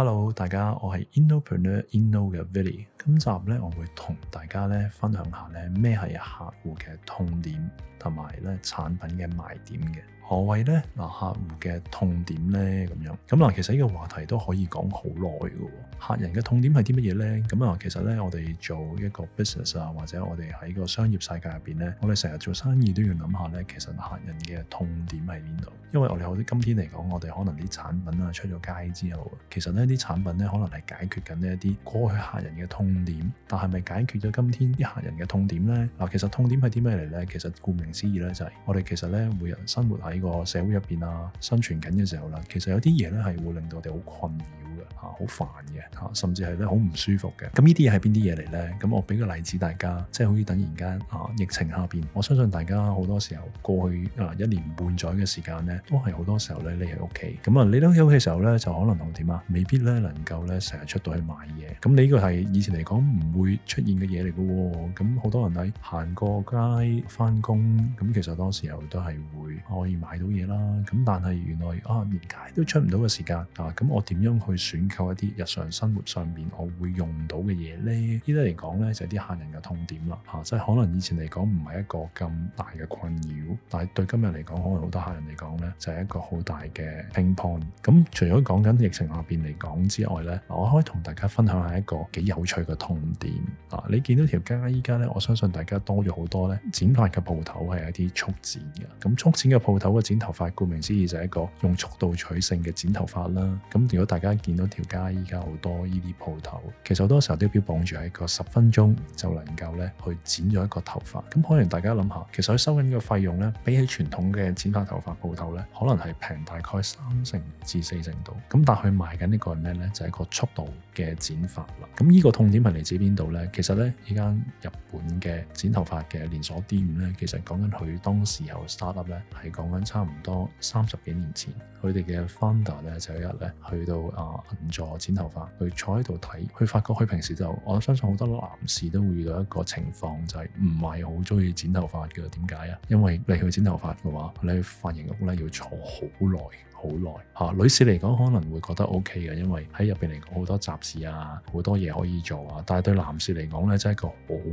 Hello，大家，我係 Innopreneur Inno 嘅 Vili。今集呢，我會同大家呢分享下呢咩係客戶嘅痛點，同埋呢產品嘅賣點嘅。何謂呢？嗱，客戶嘅痛點呢？咁樣咁嗱，其實呢個話題都可以講好耐嘅喎。客人嘅痛點係啲乜嘢呢？咁啊，其實呢，我哋做一個 business 啊，或者我哋喺個商業世界入邊呢，我哋成日做生意都要諗下呢，其實客人嘅痛點喺邊度？因為我哋好似今天嚟講，我哋可能啲產品啊出咗街之後，其實呢啲產品呢，可能係解決緊呢一啲過去客人嘅痛點，但係咪解決咗今天啲客人嘅痛點呢？嗱，其實痛點係啲咩嚟呢？其實顧名思義呢，就係我哋其實呢，每日生活喺呢個社會入邊啊，生存緊嘅時候啦，其實有啲嘢咧係會令到我哋好困擾。嚇好、啊、煩嘅嚇、啊，甚至係咧好唔舒服嘅。咁呢啲嘢係邊啲嘢嚟呢？咁、啊、我俾個例子大家，即係好似突然間啊疫情下邊，我相信大家好多時候過去啊一年半載嘅時間呢，都係好多時候咧你喺屋企。咁啊你喺屋企嘅時候呢，就可能點啊？未必呢能夠呢成日出到去買嘢。咁你呢個係以前嚟講唔會出現嘅嘢嚟嘅喎。咁好多人喺行過街翻工，咁其實當時候都係會可以買到嘢啦。咁但係原來啊連街都出唔到嘅時間啊，咁我點樣去選？選購一啲日常生活上面我會用到嘅嘢咧，依啲嚟講咧就係、是、啲客人嘅痛點啦，吓、啊，即係可能以前嚟講唔係一個咁大嘅困擾，但係對今日嚟講，可能好多客人嚟講咧就係、是、一個好大嘅乒乓。咁、嗯、除咗講緊疫情下邊嚟講之外咧，我可以同大家分享下一個幾有趣嘅痛點。啊、嗯，你見到條街依家咧，我相信大家多咗好多咧，剪髮嘅鋪頭係一啲速剪嘅，咁、嗯、速剪嘅鋪頭嘅剪頭髮顧名思義就係一個用速度取勝嘅剪頭髮啦。咁、嗯、如果大家見到，條街依家好多呢啲鋪頭，其實好多時候都標榜住喺個十分鐘就能夠咧去剪咗一個頭髮。咁可能大家諗下，其實佢收緊嘅費用咧，比起傳統嘅剪髮頭髮鋪頭咧，可能係平大概三成至四成度。咁但係佢賣緊呢個係咩咧？就係一個速度嘅剪髮啦。咁呢個痛點係嚟自邊度咧？其實咧，依間日本嘅剪頭髮嘅連鎖店咧，其實講緊佢當時候 start up 咧，係講緊差唔多三十幾年前，佢哋嘅 founder 咧就有一日咧去到啊。呃唔做剪頭髮，佢坐喺度睇，佢發覺佢平時就我相信好多男士都會遇到一個情況，就係唔係好中意剪頭髮嘅，點解啊？因為你去剪頭髮嘅話，你去髮型屋咧要坐好耐。好耐嚇，女士嚟講可能會覺得 OK 嘅，因為喺入邊嚟講好多雜事啊，好多嘢可以做啊。但係對男士嚟講呢，真係一個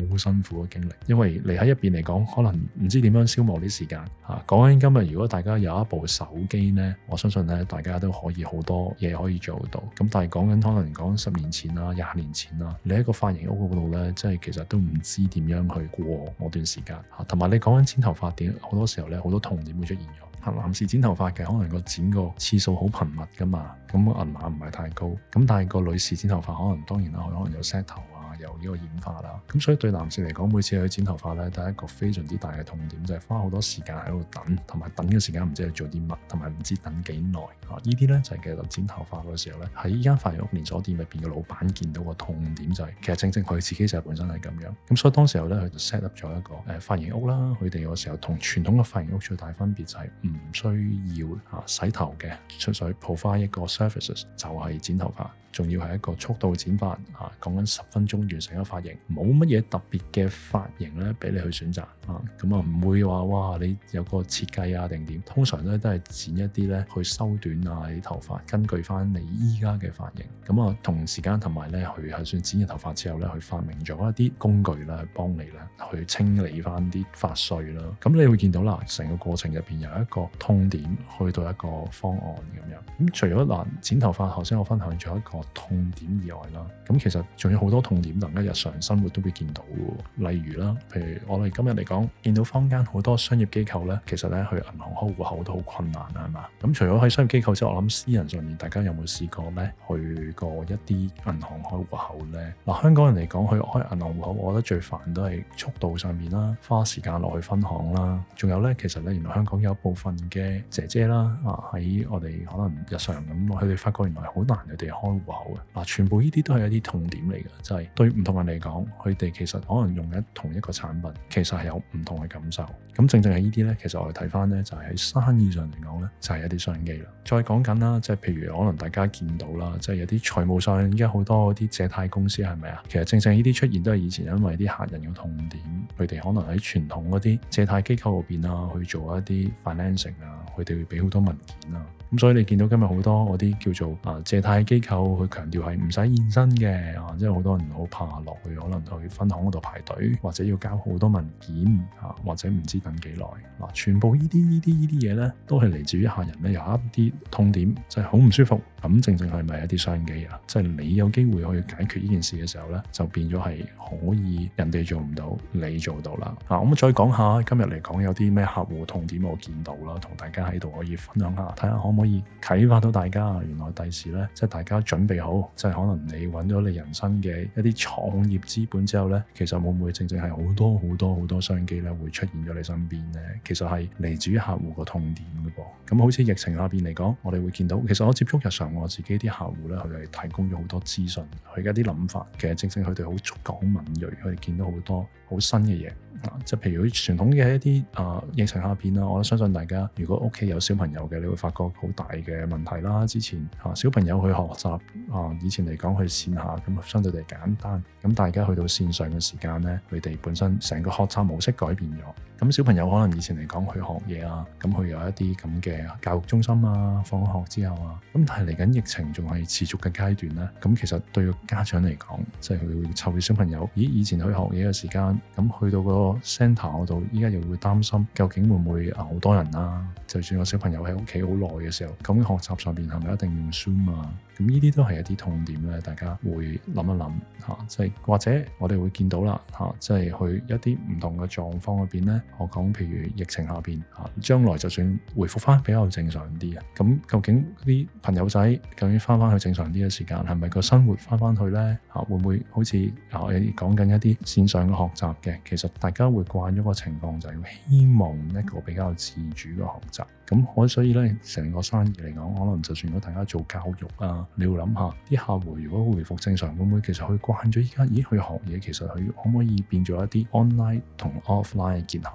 好辛苦嘅經歷，因為你喺入邊嚟講，可能唔知點樣消磨啲時間嚇。啊、講緊今日，如果大家有一部手機呢，我相信呢，大家都可以好多嘢可以做到。咁但係講緊可能講十年前啦、啊、廿年前啦、啊，你喺個髮型屋嗰度呢，真係其實都唔知點樣去過嗰段時間嚇。啊、同埋你講緊剪頭髮點，好多時候呢，好多痛點會出現咗。男士剪頭髮嘅可能個剪個次數好頻密嘛，咁個銀碼唔係太高，咁但係個女士剪頭髮可能當然啦，佢可能有 set 頭。由呢個演化啦，咁所以對男士嚟講，每次去剪頭髮咧，第一個非常之大嘅痛點就係、是、花好多時間喺度等，同埋等嘅時間唔知係做啲乜，同埋唔知等幾耐啊！依啲咧就係、是、其實剪頭髮嗰時候咧，喺依間髮型屋連鎖店入邊嘅老闆見到個痛點就係、是，其實正正佢自己就係本身係咁樣。咁所以當時候咧，佢就 set up 咗一個誒髮型屋啦。佢哋嗰時候同傳統嘅髮型屋最大分別就係唔需要啊洗頭嘅，純粹抱翻一個 services 就係、是、剪頭髮。仲要係一個速度剪髮，啊，講緊十分鐘完成一個髮型，冇乜嘢特別嘅髮型咧，俾你去選擇，啊，咁啊唔會話哇，你有個設計啊定點，通常咧都係剪一啲咧去修短啊你頭髮，根據翻你依家嘅髮型，咁啊同時間同埋咧佢係算剪完頭髮之後咧，佢發明咗一啲工具去幫你咧去清理翻啲髮碎啦，咁你會見到啦，成個過程入邊有一個痛點，去到一個方案咁樣，咁、啊、除咗嗱剪頭髮，頭先我分享咗一個。痛點以外啦，咁其實仲有好多痛點，大家日常生活都會見到嘅。例如啦，譬如我哋今日嚟講，見到坊間好多商業機構呢，其實呢，去銀行開戶口都好困難啊，係嘛？咁除咗喺商業機構之外，我諗私人上面大家有冇試過呢？去過一啲銀行開戶口呢？嗱，香港人嚟講去開銀行戶口，我覺得最煩都係速度上面啦，花時間落去分行啦。仲有呢，其實呢，原來香港有一部分嘅姐姐啦啊，喺我哋可能日常咁，佢哋發覺原來好難佢哋開戶。嗱，全部呢啲都係一啲痛點嚟嘅，就係對唔同人嚟講，佢哋其實可能用緊同一個產品，其實係有唔同嘅感受。咁正正係呢啲呢，其實我哋睇翻呢，就係喺生意上嚟講呢，就係一啲商機啦。再講緊啦，即係譬如可能大家見到啦，即係有啲財務上而家好多啲借貸公司係咪啊？其實正正呢啲出現都係以前因為啲客人嘅痛點，佢哋可能喺傳統嗰啲借貸機構入邊啊，去做一啲 financing 啊。佢哋會俾好多文件啊，咁、嗯、所以你見到今日好多嗰啲叫做啊借貸機構去強調係唔使現身嘅。啊即係好多人好怕落去，可能去分行嗰度排隊，或者要交好多文件，啊或者唔知等幾耐。嗱，全部呢啲呢啲呢啲嘢咧，都係嚟自於客人咧有一啲痛點，就係好唔舒服，咁正正係咪一啲商機啊？即、就、係、是、你有機會去解決呢件事嘅時候咧，就變咗係可以人哋做唔到，你做到啦。啊，我、嗯、再講下今日嚟講有啲咩客戶痛點我見到啦，同大家。喺度可以分享下，睇下可唔可以啟發到大家。原來第時咧，即係大家準備好，即係可能你揾咗你人生嘅一啲創業資本之後咧，其實會唔會正正係好多好多好多商機咧，會出現咗你身邊咧？其實係嚟自於客戶個痛點嘅噃。咁好似疫情下邊嚟講，我哋會見到，其實我接觸日常我自己啲客戶咧，佢哋提供咗好多資訊，佢嘅一啲諗法其實正正佢哋好觸覺好敏銳，佢哋見到好多好新嘅嘢。啊！即譬如佢傳統嘅一啲啊，疫情下面啦，我都相信大家如果屋企有小朋友嘅，你會發覺好大嘅問題啦。之前啊小朋友去學習啊，以前嚟講去線下咁相對就簡單，咁大家去到線上嘅時間呢，佢哋本身成個學習模式改變咗。咁小朋友可能以前嚟講去學嘢啊，咁佢有一啲咁嘅教育中心啊，放學之後啊，咁但係嚟緊疫情仲係持續嘅階段咧、啊，咁其實對個家長嚟講，即係佢會湊嘅小朋友，咦以前去學嘢嘅時間，咁去到個 centre 嗰度，依家又會擔心究竟會唔會啊好多人啦、啊，就算個小朋友喺屋企好耐嘅時候，咁學習上邊係咪一定要 zoom 啊？咁呢啲都係一啲痛點咧，大家會諗一諗嚇，即、啊、係、就是、或者我哋會見到啦嚇，即、啊、係、就是、去一啲唔同嘅狀況嗰邊咧。我講譬如疫情下邊啊，將來就算回復翻比較正常啲啊，咁究竟啲朋友仔究竟翻翻去正常啲嘅時間，係咪個生活翻翻去咧？嚇、啊，會唔會好似啊？我哋講緊一啲線上嘅學習嘅，其實大家會慣咗個情況就係、是、希望一個比較自主嘅學習。咁我所以咧成個生意嚟講，可能就算到大家做教育啊，你要諗下啲客戶如果回復正常，會唔會其實佢慣咗依家？咦，去學嘢其實佢可唔可以變做一啲 online 同 offline 嘅結合？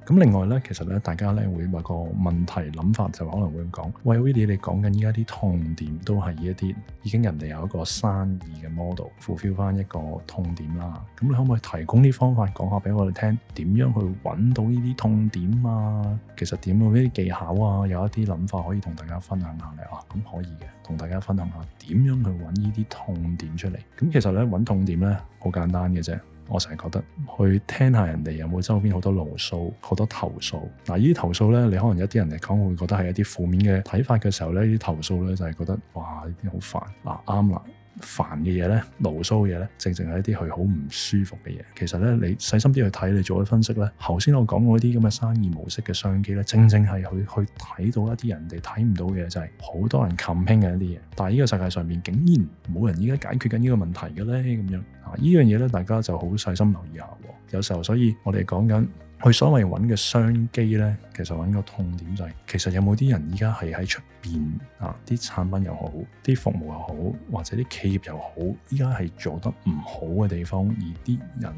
咁另外呢，其實咧，大家咧會問個問題諗法就可能會咁講，喂 Willie 你講緊依家啲痛點都係一啲已經人哋有一個生意嘅 model，fulfil 翻一個痛點啦。咁你可唔可以提供啲方法講下俾我哋聽，點樣去揾到依啲痛點啊？其實點嗰啲技巧啊，有一啲諗法可以同大家分享下嚟啊。咁可以嘅，同大家分享下點樣去揾依啲痛點出嚟。咁其實咧揾痛點呢？好簡單嘅啫。我成日覺得去聽下人哋有冇周邊好多牢騷、好多投訴。嗱、啊，呢啲投訴咧，你可能有啲人嚟講會覺得係一啲負面嘅睇法嘅時候咧，啲投訴咧就係、是、覺得哇，呢啲好煩。嗱、啊，啱啦，煩嘅嘢咧、牢騷嘅嘢咧，正正係一啲佢好唔舒服嘅嘢。其實咧，你細心啲去睇，你做啲分析咧，頭先我講嗰啲咁嘅生意模式嘅商機咧，正正係去去睇到一啲人哋睇唔到嘅，就係、是、好多人冚興嘅一啲嘢。但係呢個世界上面竟然冇人而家解決緊呢個問題嘅咧，咁樣。依樣嘢大家就好細心留意下。有時候，所以我哋講緊佢所謂揾嘅商機呢，其實揾個痛點就係、是、其實有冇啲人依家係喺出面啊？啲產品又好，啲服務又好，或者啲企業又好，依家係做得唔好嘅地方，而啲人。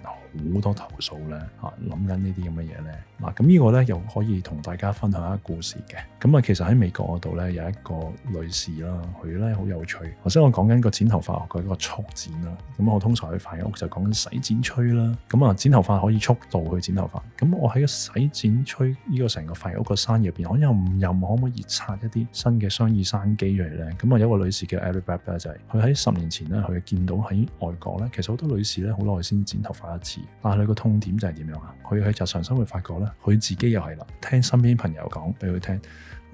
好多投訴咧嚇，諗、啊、緊呢啲咁嘅嘢咧。嗱，咁、這個、呢個咧又可以同大家分享一個故事嘅。咁啊，其實喺美國嗰度咧有一個女士啦，佢咧好有趣。頭先我講緊個剪頭髮佢一個速剪啦。咁我通常喺髮型屋就講緊洗剪吹啦。咁啊、嗯，剪頭髮可以速度去剪頭髮。咁我喺個洗剪吹呢個成個髮型屋個生意入邊，我又唔有可唔可以拆一啲新嘅商業生機入嚟咧？咁啊，有一個女士叫 everybody 就係佢喺十年前咧，佢見到喺外國咧，其實好多女士咧好耐先剪頭髮一次。但係佢個痛點就係點樣啊？佢喺日常生活發覺咧，佢自己又係啦，聽身邊朋友講俾佢聽。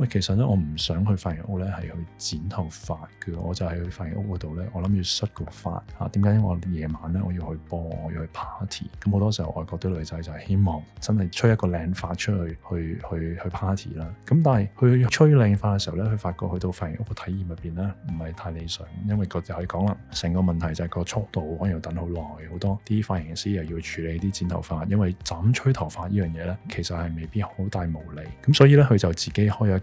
其實呢，我唔想去髮型屋呢，係去剪頭髮嘅，我就係去髮型屋嗰度呢，我諗要甩個髮嚇。啊，點解？因為我夜晚呢，我要去播，我要去 party，咁好多時候外國啲女仔就係希望真係吹一個靚髮出去，去去去 party 啦。咁但係去吹靚髮嘅時候呢，佢發覺去到髮型屋嘅體驗入面呢，唔係太理想，因為佢哋可以講啦，成個問題就係個速度，可能要等好耐，好多啲髮型師又要處理啲剪頭髮，因為枕吹頭髮呢樣嘢呢，其實係未必好大毛利，咁所以呢，佢就自己開咗。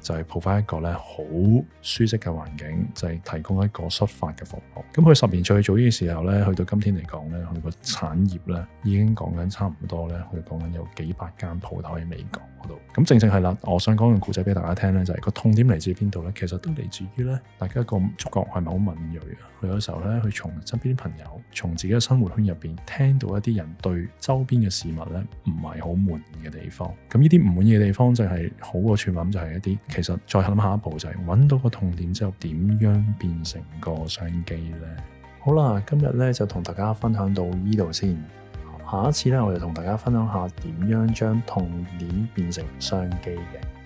就係鋪翻一個好舒適嘅環境，就係、是、提供一個書法嘅服務。咁佢十年最早嘅時候呢，去到今天嚟講呢，佢個產業呢，已經講緊差唔多呢，佢講緊有幾百間鋪頭喺美國嗰度。咁正正係啦，我想講個故仔俾大家聽呢就係、是、個痛點嚟自邊度呢？其實都嚟自於呢大家個觸覺係咪好敏銳啊？佢有時候呢，佢從身邊啲朋友、從自己嘅生活圈入面聽到一啲人對周邊嘅事物咧，唔係好滿意嘅地方。咁呢啲唔滿意嘅地方就係、是、好個處品，就係一啲。其實再諗下一步就係搵到個痛點之後，點樣變成個商機呢？好啦，今日咧就同大家分享到呢度先，下一次咧我就同大家分享下點樣將痛點變成商機嘅。